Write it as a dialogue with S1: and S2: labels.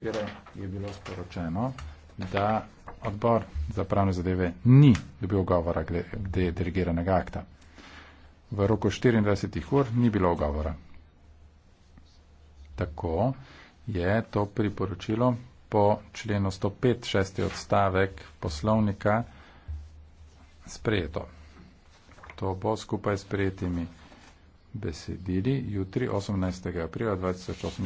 S1: včeraj je bilo sporočeno, da odbor za pravne zadeve ni dobil govora glede delegiranega akta. V roku 24 ur ni bilo govora. Tako je to priporočilo po členu 105 6. odstavek poslovnika sprejeto. To bo skupaj s prijetimi besedili jutri 18. aprila 2018.